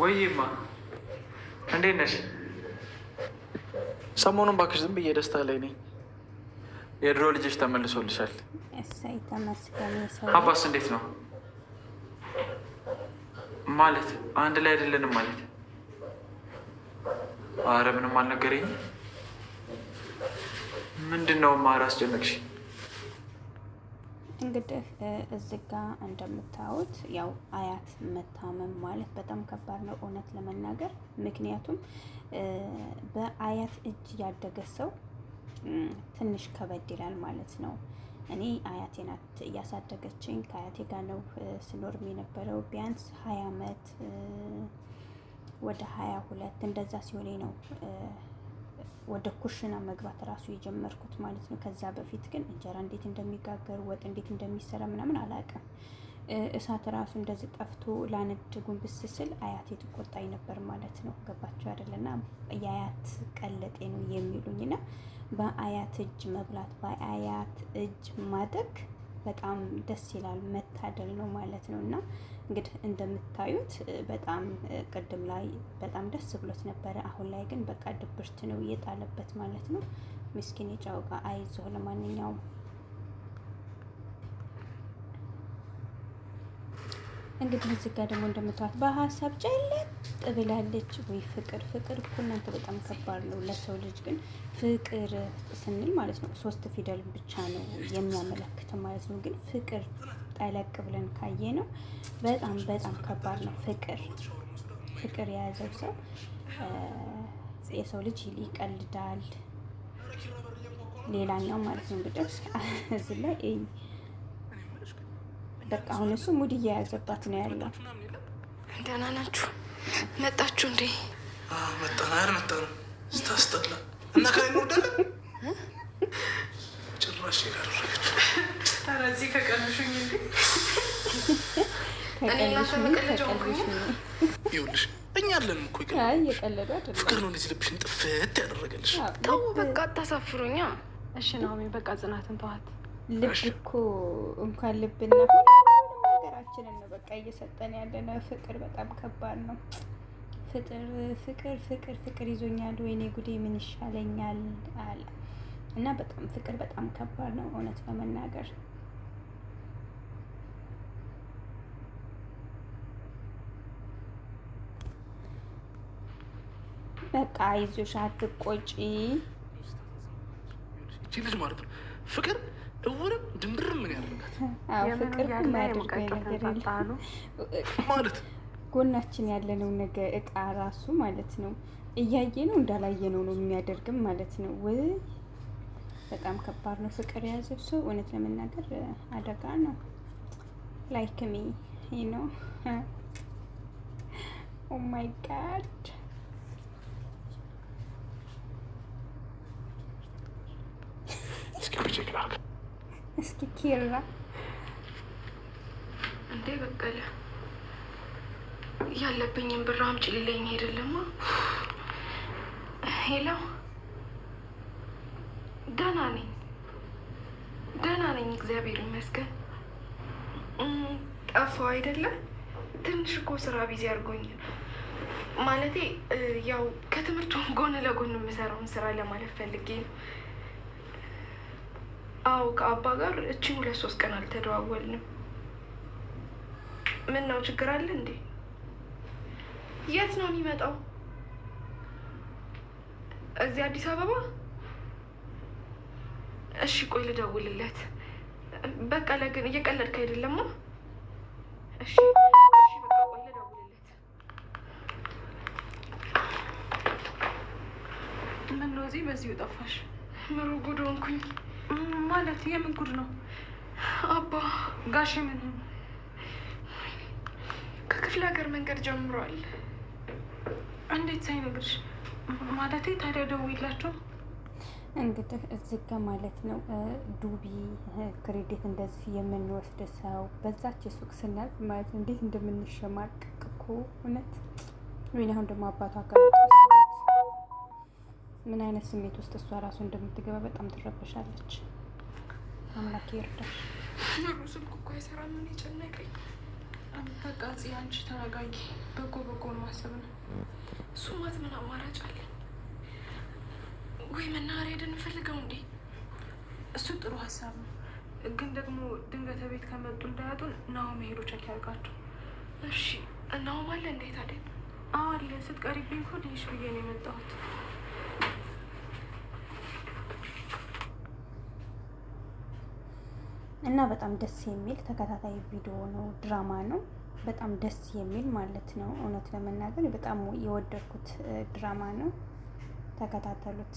ወይማ እንዴት ነሽ? ሰሞኑን እባክሽ ዝም ብዬ ደስታ ላይ ነኝ። የድሮ ልጆች ተመልሶልሻል። አባስ እንዴት ነው ማለት? አንድ ላይ አይደለንም ማለት? አረ ምንም አልነገረኝም። ምንድን ነው እንግዲህ እዚጋ ጋ እንደምታዩት ያው አያት መታመም ማለት በጣም ከባድ ነው፣ እውነት ለመናገር ምክንያቱም በአያት እጅ ያደገ ሰው ትንሽ ከበድ ይላል ማለት ነው። እኔ አያቴ ናት እያሳደገችኝ። ከአያቴ ጋር ነው ስኖርም የነበረው ቢያንስ ሀያ አመት ወደ ሀያ ሁለት እንደዛ ሲሆኔ ነው ወደ ኩሽና መግባት ራሱ የጀመርኩት ማለት ነው። ከዛ በፊት ግን እንጀራ እንዴት እንደሚጋገር ወጥ እንዴት እንደሚሰራ ምናምን አላውቅም። እሳት ራሱ እንደዚህ ጠፍቶ ላነድ ጉንብስ ስል አያቴ ትቆጣኝ ነበር ማለት ነው። ገባቸው አይደለና የአያት ቀለጤ ነው የሚሉኝና በአያት እጅ መብላት በአያት እጅ ማደግ በጣም ደስ ይላል። መታደል ነው ማለት ነው። እና እንግዲህ እንደምታዩት በጣም ቅድም ላይ በጣም ደስ ብሎት ነበረ። አሁን ላይ ግን በቃ ድብርት ነው እየጣለበት ማለት ነው። ምስኪን የጫው አይዞ ለማንኛውም እንግዲህ እዚህ ጋር ደግሞ እንደምታዋት በሀሳብ ጨለጥ ብላለች። ወይ ፍቅር ፍቅር እኮ እናንተ በጣም ከባድ ነው ለሰው ልጅ ግን ፍቅር ስንል ማለት ነው ሶስት ፊደል ብቻ ነው የሚያመለክተው ማለት ነው። ግን ፍቅር ጠለቅ ብለን ካየ ነው በጣም በጣም ከባድ ነው። ፍቅር ፍቅር የያዘው ሰው የሰው ልጅ ይቀልዳል። ሌላኛው ማለት ነው እንግዲህ እዚህ ላይ በቃ አሁን እሱ ሙድ እየያዘባት ነው ያለው። ደህና ናችሁ? መጣችሁ እንዴ? መጣና ያልመጣ ነው ስታስጠላ እና ከ ወዳለ ጭራሽ እዚህ ከቀልሽኝ ይኸውልሽ እኛ አለን እኮ ፍቅር ነው እንደዚህ ልብሽን ጥፍት ያደረገልሽ። ተው በቃ አታሳፍሩኛ። እሺ ናሆሚ በቃ ጽናትን ተዋት። ልብ እኮ እንኳን ልብና ራሳችንን ነው በቃ እየሰጠን ያለ ነው። ፍቅር በጣም ከባድ ነው። ፍቅር ፍቅር ፍቅር ፍቅር ይዞኛል፣ ወይኔ ጉዴ ምን ይሻለኛል አለ እና በጣም ፍቅር በጣም ከባድ ነው እውነት ለመናገር በቃ ይዞሽ አትቆጪ። ይቺ ልጅ ማለት ነው ፍቅር እውርም ድንብርም ፍቅር ማለት ጎናችን ያለነው ነገ እቃ ራሱ ማለት ነው እያየ ነው እንዳላየ ነው ነው የሚያደርግም ማለት ነው። ወይ በጣም ከባድ ነው። ፍቅር የያዘው ሰው እውነት ለመናገር አደጋ ነው። ላይክ ሚ ነው ኦማይ ጋድ እስኪ ኪራ ጉዳይ በቀለ ያለብኝም ብር አምጪ ሊለኝ አይደለማ። ሄሎ፣ ደህና ነኝ፣ ደህና ነኝ፣ እግዚአብሔር ይመስገን። ጠፋው አይደለ? ትንሽ እኮ ስራ ቢዚ አድርጎኛል። ማለቴ ያው ከትምህርቱ ጎን ለጎን የምሰራውን ስራ ለማለት ፈልጌ ነው። አዎ፣ ከአባ ጋር እችን ሁለት ሶስት ቀን አልተደዋወልንም። ምን ነው ችግር አለ እንዴ? የት ነው የሚመጣው? እዚህ አዲስ አበባ። እሺ ቆይ ልደውልለት። በቀለ ግን እየቀለድክ አይደለማ? እሺ እሺ፣ ምን ነው እዚህ በዚሁ ጠፋሽ? ምሩ ጉድ ሆንኩኝ። ማለት የምን ጉድ ነው አባ ጋሽ? ምን ከክፍለ ሀገር መንገድ ጀምሯል። እንዴት ሳይነግርሽ ማለቴ ታዲያ ደውይላቸው እንግዲህ እዚህ ጋ ማለት ነው ዱቢ ክሬዲት እንደዚህ የምንወስድ ሰው በዛች የሱቅ ስናልፍ ማለት ነው እንዴት እንደምንሸማቀቅ እኮ እውነት። ወይኔ አሁን ደግሞ አባቷ ጋር ምን አይነት ስሜት ውስጥ እሷ ራሱ እንደምትገባ በጣም ትረበሻለች። አምላክ ይርዳል። ስልኩ እኮ አይሰራም። ምን ይጨነቀኝ በቃ እዚህ አንቺ ተረጋጊ። በጎ በጎ ነው ማሰብ ነው። እሱማት ምን አማራጭ አለ? ወይ መናኸሪያ ሄደን እንፈልገው እንዴ? እሱ ጥሩ ሀሳብ ነው፣ ግን ደግሞ ድንገት ቤት ከመጡ እንዳያጡን ናሆም ሄዶ ቸክ ያርጋቸው። እሺ እናሆም አለ እንዴ ታዲያ? አዎ አለ። ስትቀሪብኝ እኮ ልይሽ ብዬ ነው የመጣሁት። እና በጣም ደስ የሚል ተከታታይ ቪዲዮ ነው፣ ድራማ ነው። በጣም ደስ የሚል ማለት ነው። እውነት ለመናገር በጣም የወደድኩት ድራማ ነው። ተከታተሉት።